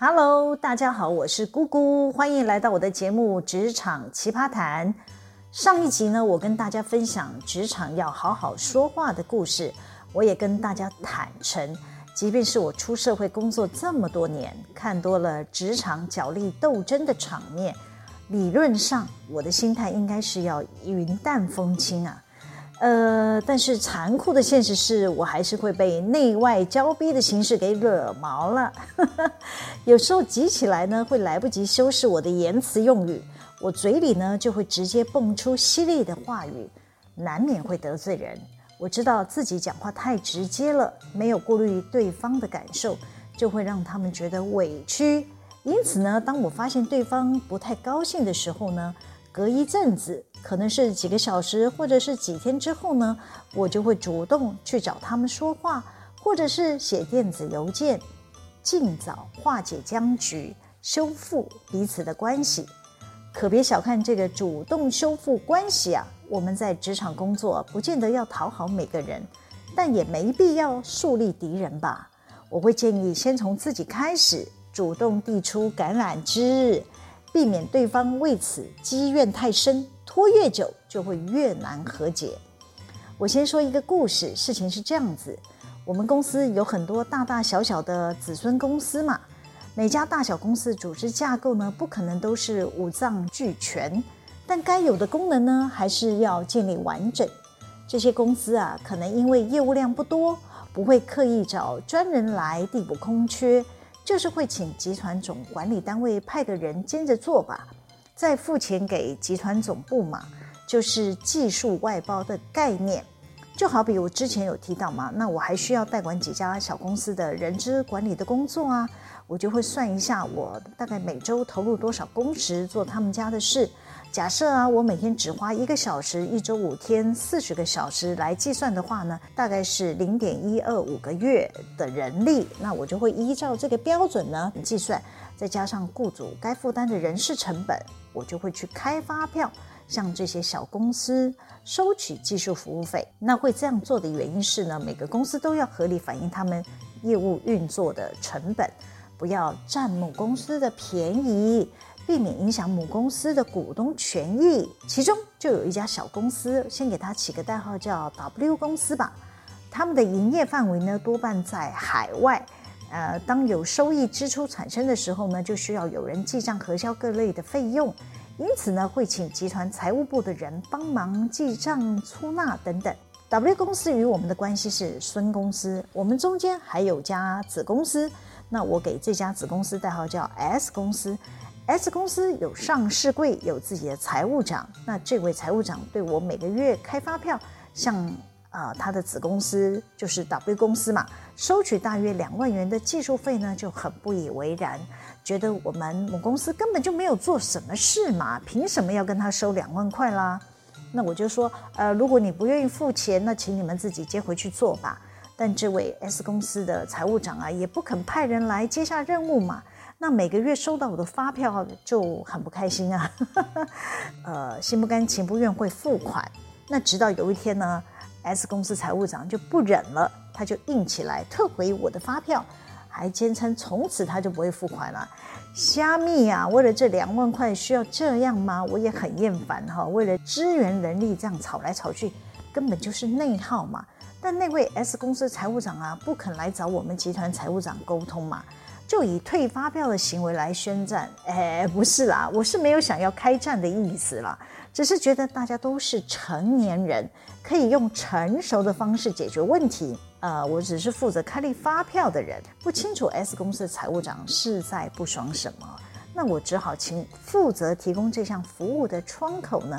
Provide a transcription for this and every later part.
Hello，大家好，我是姑姑，歡迎來到我的節目《職場奇葩談》。上一集呢，我跟大家分享職場要好好說話的故事。我也跟大家坦誠，即便是我出社會工作這麼多年，看多了職場角力鬥爭的場面，理論上我的心態應該是要雲淡風輕啊。呃，但是殘酷的現實是，我還是會被內外交逼的形式給惹毛了。 有時候急起來呢，會來不及修飾我的言辭用語，我嘴裡呢就會直接蹦出犀利的話語，難免會得罪人。我知道自己講話太直接了，沒有顧慮對方的感受，就會讓他們覺得委屈。因此呢，當我發現對方不太高興的時候呢，隔一陣子，可能是幾個小時，或者是幾天之後呢，我就會主動去找他們說話，或者是寫電子郵件，盡早化解僵局，修復彼此的關係。可別小看這個主動修復關係啊！我們在職場工作，不見得要討好每個人，但也沒必要樹立敵人吧？我會建議先從自己開始，主動遞出橄欖枝。避免對方為此積怨太深，拖越久，就會越難和解。我先說一個故事，事情是這樣子：我們公司有很多大大小小的子孫公司嘛，每家大小公司組織架構呢，不可能都是五臟俱全，但該有的功能呢，還是要建立完整。這些公司啊，可能因為業務量不多，不會刻意找專人來填補空缺。就是會請集團總管理單位派個人兼着做吧，再付錢給集團總部嘛，就是技術外包的概念。就好比我之前有提到嘛，那我還需要代管幾家小公司的人資管理的工作啊，我就會算一下我大概每週投入多少工時做他們家的事。假設啊，我每天只花一個小時，一周五天，四十個小時來計算的話呢，大概是零點一二五個月的人力。那我就會依照這個標準呢計算，再加上雇主該負擔的人事成本，我就會去開發票，向這些小公司收取技術服務費。那會這樣做的原因是呢，每個公司都要合理反映他們業務運作的成本，不要佔母公司的便宜。避免影響母公司的股東權益，其中就有一家小公司，先給它起個代號叫 W 公司吧。他們的營業範圍呢多半在海外，呃，當有收益支出產生的時候呢，就需要有人記賬核銷各類的費用，因此呢會請集團財務部的人幫忙記賬、出納等等。W 公司與我們的關係是孫公司，我們中間還有家子公司，那我給這家子公司代號叫 S 公司。S, S 公司有上市櫃，有自己的財務長。那這位財務長對我每個月開發票，像呃他的子公司就是 W 公司嘛，收取大約兩萬元的技術費呢，就很不以為然，覺得我們母公司根本就沒有做什麼事嘛，憑什麼要跟他收兩萬塊啦？那我就說，呃，如果你不願意付錢，那請你們自己接回去做吧。但這位 S 公司的財務長啊，也不肯派人來接下任務嘛。那每個月收到我的發票就很不開心啊呵呵，呃，心不甘情不願會付款。那直到有一天呢，S 公司財務長就不忍了，他就硬起來，退回我的發票，還堅稱從此他就不會付款了、啊。蝦米啊，為了這兩萬塊需要這樣嗎？我也很厭煩哈、哦，為了支援人力這樣吵來吵去，根本就是內耗嘛。但那位 S 公司財務長啊，不肯來找我們集團財務長溝通嘛。就以退發票的行為來宣戰？哎，不是啦，我是沒有想要開戰的意思啦，只是覺得大家都是成年人，可以用成熟的方式解決問題。呃，我只是負責開立發票的人，不清楚 S 公司的財務長是在不爽什麼，那我只好請負責提供這項服務的窗口呢，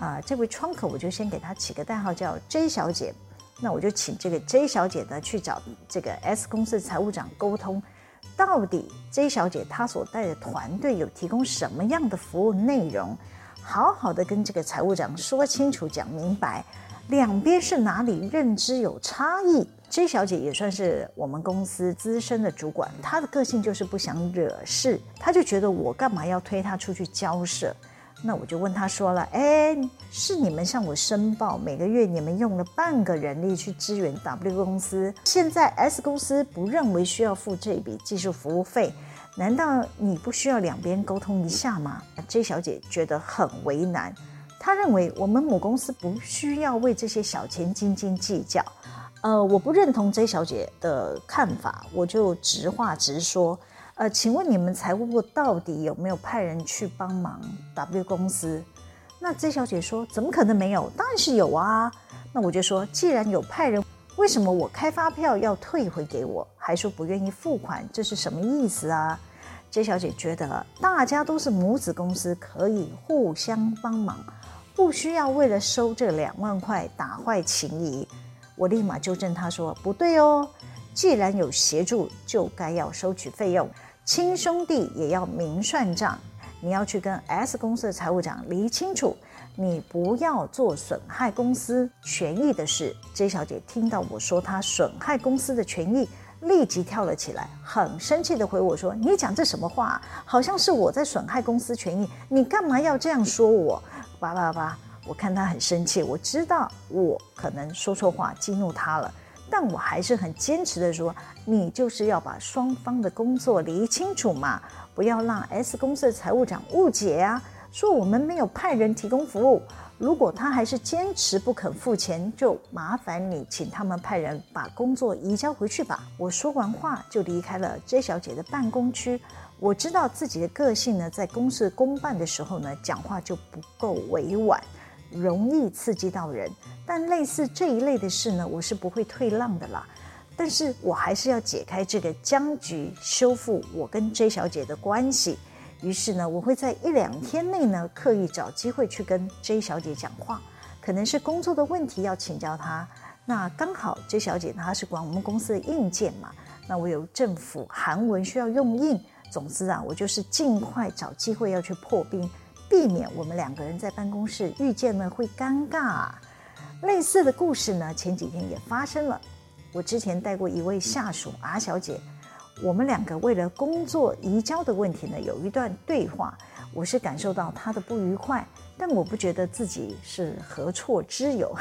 啊、呃，這位窗口我就先給他起個代號叫 J 小姐，那我就請這個 J 小姐呢去找這個 S 公司的財務長溝通。到底 J 小姐她所帶的團隊有提供什麼樣的服務內容？好好的跟這個財務長說清楚講明白，兩邊是哪裡認知有差異？J 小姐也算是我們公司資深的主管，她的個性就是不想惹事，她就覺得我幹嘛要推她出去交涉？那我就問他說了，哎，是你們向我申報，每個月你們用了半個人力去支援 W 公司，現在 S 公司不認為需要付這筆技術服務費，難道你不需要兩邊溝通一下嗎？啊，J 小姐覺得很為難，她認為我們母公司不需要為這些小錢斤斤計較。呃，我不認同 J 小姐的看法，我就直話直說。呃，請問你們財務部到底有沒有派人去幫忙 W 公司？那 J 小姐說：“怎麼可能沒有？當然是有啊。”那我就說：“既然有派人，為什麼我開發票要退回給我，還說不願意付款？這是什麼意思啊？”J 小姐覺得大家都是母子公司，可以互相幫忙，不需要為了收這兩萬塊打壞情誼。我立馬糾正她說：“不對哦，既然有協助，就該要收取費用。”親兄弟也要明算賬，你要去跟 S 公司的財務長理清楚，你不要做損害公司權益的事。J 小姐聽到我說她損害公司的權益，立即跳了起來，很生氣地回我說：“你講這什麼話？好像是我在損害公司權益，你幹嘛要這樣說我？”叭叭叭，我看她很生氣，我知道我可能說錯話，激怒她了。但我還是很堅持的說，你就是要把雙方的工作理清楚嘛，不要讓 S 公司的財務長誤解呀、啊，說我們沒有派人提供服務。如果他還是堅持不肯付錢，就麻煩你請他們派人把工作移交回去吧。我說完話就離開了 J 小姐的辦公區。我知道自己的個性呢，在公事公辦的時候呢，講話就不夠委婉，容易刺激到人，但類似這一類的事呢，我是不會退讓的啦。但是我還是要解開這個僵局，修復我跟 J 小姐的關係。於是呢，我會在一兩天內呢，刻意找機會去跟 J 小姐講話，可能是工作的問題要請教她。那剛好 J 小姐她是管我們公司的硬件嘛，那我有政府韓文需要用印。總之啊，我就是儘快找機會要去破冰。避免我們兩個人在辦公室遇見呢會尷尬，類似的故事呢前幾天也發生了。我之前帶過一位下屬，阿小姐，我們兩個為了工作移交的問題呢有一段對話。我是感受到他的不愉快，但我不覺得自己是何錯之有，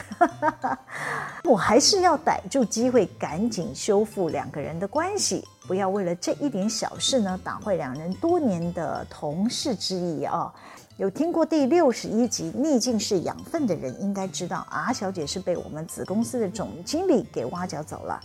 我還是要逮住機會趕緊修復兩個人的關係，不要為了這一點小事呢，打壞兩人多年的同事之誼啊，哦！有聽過第六十一集《逆境是養分》的人應該知道，R 小姐是被我們子公司的總經理給挖角走了。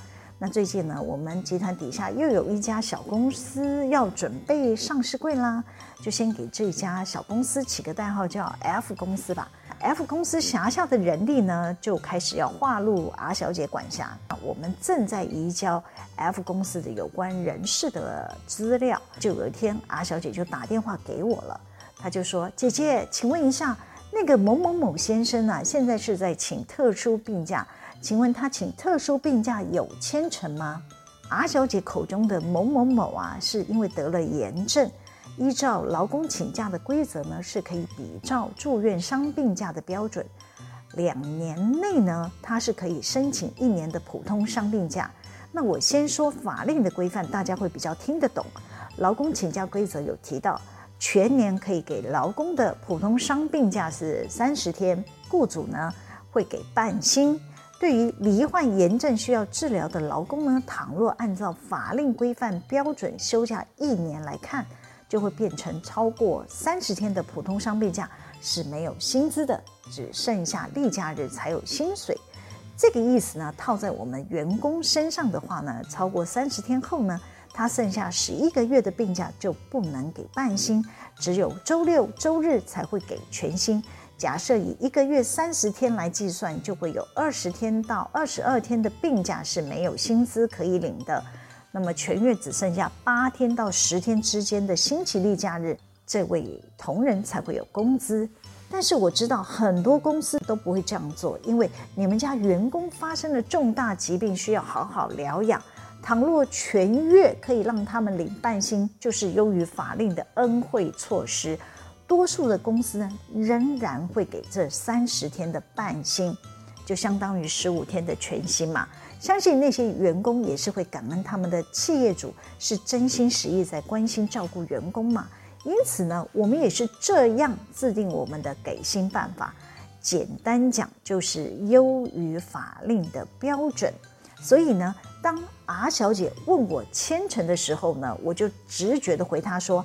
那最近呢，我們集團底下又有一家小公司要準備上市櫃啦，就先給這家小公司起個代號叫 F 公司吧。F 公司轄下的人力呢，就開始要劃入 R 小姐管轄。我們正在移交 F 公司的有關人事的資料。就有一天，R 小姐就打電話給我了，她就說：“姐姐，請問一下，那個某某某先生呢、啊？現在是在請特殊病假。”請問他請特殊病假有牽成嗎？阿小姐口中的某某某啊，是因為得了癌症，依照勞工請假的規則呢，是可以比照住院傷病假的標準，兩年內呢，他是可以申請一年的普通傷病假。那我先說法令的規範，大家會比較聽得懂。勞工請假規則有提到，全年可以給勞工的普通傷病假是三十天，雇主呢會給半薪。對於罹患炎症需要治療的勞工呢，倘若按照法令規範標準休假一年來看，就會變成超過三十天的普通傷病假是沒有薪資的，只剩下例假日才有薪水。這個意思呢，套在我們員工身上的話呢，超過三十天後呢，他剩下十一個月的病假就不能給半薪，只有週六週日才會給全薪。假設以一個月三十天來計算，就會有二十天到二十二天的病假是沒有薪資可以領的，那麼全月只剩下八天到十天之間的星期例假日，這位同仁才會有工資。但是我知道很多公司都不會這樣做，因為你們家員工發生了重大疾病，需要好好療養。倘若全月可以讓他們領半薪，就是優於法令的恩惠措施。多數的公司呢，仍然會給這三十天的半薪，就相當於十五天的全薪嘛。相信那些員工也是會感恩他們的企業主是真心實意在關心照顧員工嘛。因此呢，我們也是這樣制定我們的給薪辦法。簡單講，就是優於法令的標準。所以呢，當 R 小姐問我簽呈的時候呢，我就直覺地回她說，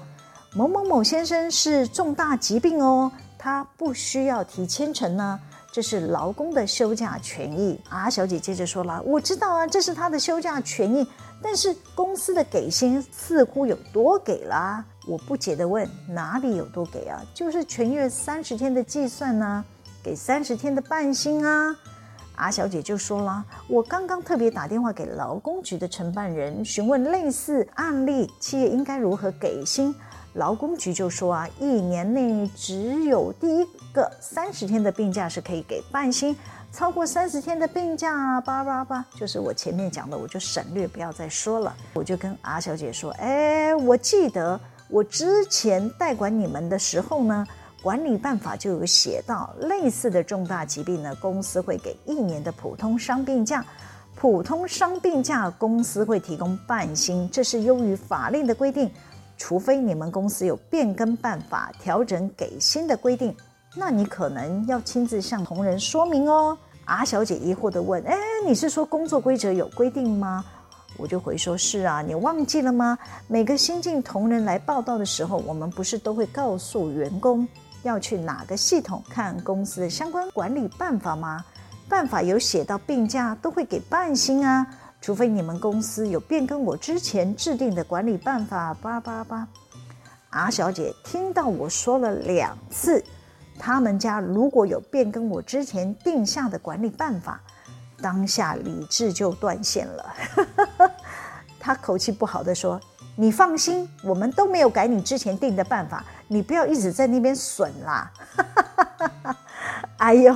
某某某先生是重大疾病哦，他不需要提前程呢、啊。這是勞工的休假權益。阿、啊、小姐接着說了，我知道啊，這是他的休假權益，但是公司的給薪似乎有多給啦、啊？我不解地問，哪裡有多給啊？就是全月三十天的計算呢、啊，給三十天的半薪啊。阿、啊、小姐就說了，我剛剛特別打電話給勞工局的承辦人詢問類似案例，企業應該如何給薪。勞工局就說啊，一年內只有第一個三十天的病假是可以給半薪，超過三十天的病假，叭叭叭，就是我前面講的，我就省略不要再說了。我就跟阿小姐說，哎，我記得我之前代管你們的時候呢，管理辦法就有寫到，類似的重大疾病呢，公司會給一年的普通傷病假，普通傷病假公司會提供半薪，這是優於法令的規定。除非你們公司有變更辦法調整給薪的規定，那你可能要親自向同仁說明哦。R 小姐疑惑地問：“哎，你是說工作規則有規定嗎？”我就回說：“是啊，你忘記了嗎？每個新進同仁來報到的時候，我們不是都會告訴員工要去哪個系統看公司的相關管理辦法嗎？辦法有寫到病假都會給半薪啊。”除非你們公司有變更我之前制定的管理辦法，叭叭叭。阿小姐聽到我說了兩次，他們家如果有變更我之前定下的管理辦法，當下理智就斷線了。 她口氣不好地說：“你放心，我們都沒有改你之前定的辦法，你不要一直在那邊損啦。 ”哎呦，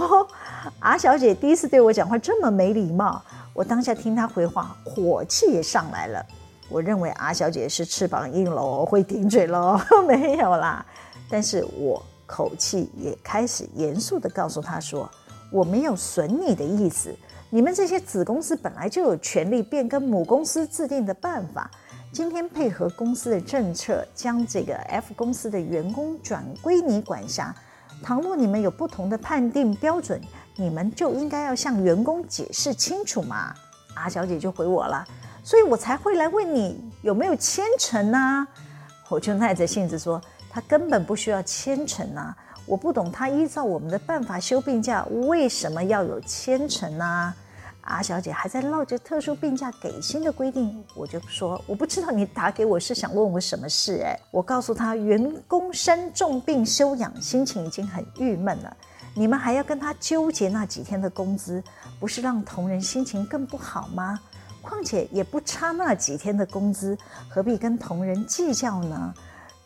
阿小姐第一次對我講話這麼沒禮貌。我當下聽他回話，火氣也上來了。我認為阿小姐是翅膀硬了，會頂嘴咯，沒有啦。但是我口氣也開始嚴肅地告訴他說，我沒有損你的意思。你們這些子公司本來就有權利變更母公司制定的辦法。今天配合公司的政策，將這個 F 公司的員工轉歸你管轄。倘若你們有不同的判定標準，你們就應該要向員工解釋清楚嘛，阿小姐就回我了，所以我才會來問你有沒有簽呈呢。我就耐着性子說，他根本不需要簽呈呢。我不懂他依照我們的辦法，休病假為什麼要有簽呈呢？阿小姐還在鬧着特殊病假給薪的規定，我就說我不知道你打給我是想問我什麼事誒、欸，我告訴他員工生重病休養，心情已經很鬱悶了。你們還要跟他糾結那幾天的工資，不是讓同仁心情更不好嗎？況且也不差那幾天的工資，何必跟同仁計較呢？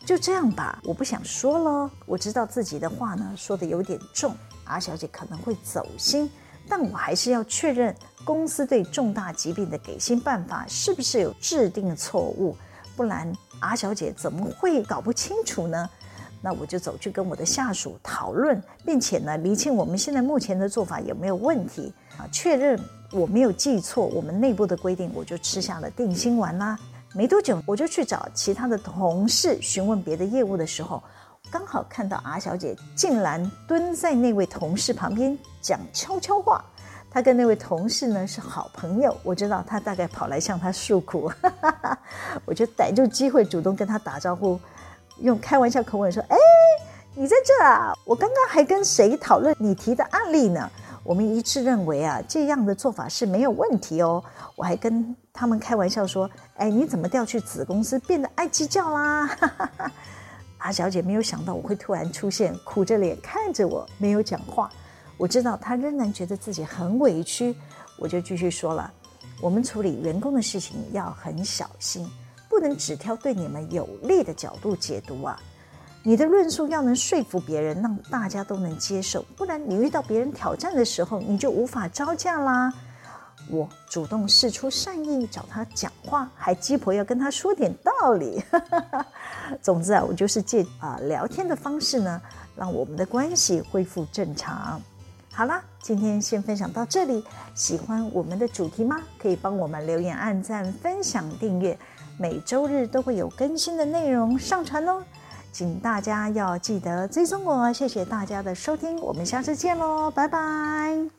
就這樣吧，我不想說咯。我知道自己的話呢說得有點重，阿小姐可能會走心，但我還是要確認公司對重大疾病的給薪辦法是不是有制定錯誤，不然阿小姐怎麼會搞不清楚呢？那我就走去跟我的下屬討論，並且呢，釐清我們現在目前的做法有沒有問題啊？確認我沒有記錯我們內部的規定，我就吃下了定心丸啦。沒多久，我就去找其他的同事詢問別的業務的時候，剛好看到阿小姐竟然蹲在那位同事旁邊講悄悄話。她跟那位同事呢是好朋友，我知道她大概跑來向他訴苦，哈哈哈，我就逮住機會主動跟她打招呼。用開玩笑口吻說：“哎，你在這啊？我剛剛還跟誰討論你提的案例呢？我們一致認為啊，這樣的做法是沒有問題哦。我還跟他們開玩笑說：‘哎，你怎麼調去子公司，變得愛計較啦？’哈哈哈，阿小姐沒有想到我會突然出現，苦着臉看着我，沒有講話。我知道她仍然覺得自己很委屈，我就繼續說了：我們處理員工的事情要很小心。”不能只挑對你們有利的角度解讀啊！你的論述要能說服別人，讓大家都能接受，不然你遇到別人挑戰的時候，你就無法招架啦。我主動釋出善意，找他講話，還雞婆要跟他說點道理。 總之啊，我就是借啊、呃、聊天的方式呢，讓我們的關係恢復正常。好啦，今天先分享到這裡。喜歡我們的主題嗎？可以幫我們留言、按贊、分享、訂閱。每週日都會有更新的內容上傳哦，請大家要記得追蹤我。謝謝大家的收聽，我們下次見嘍，拜拜。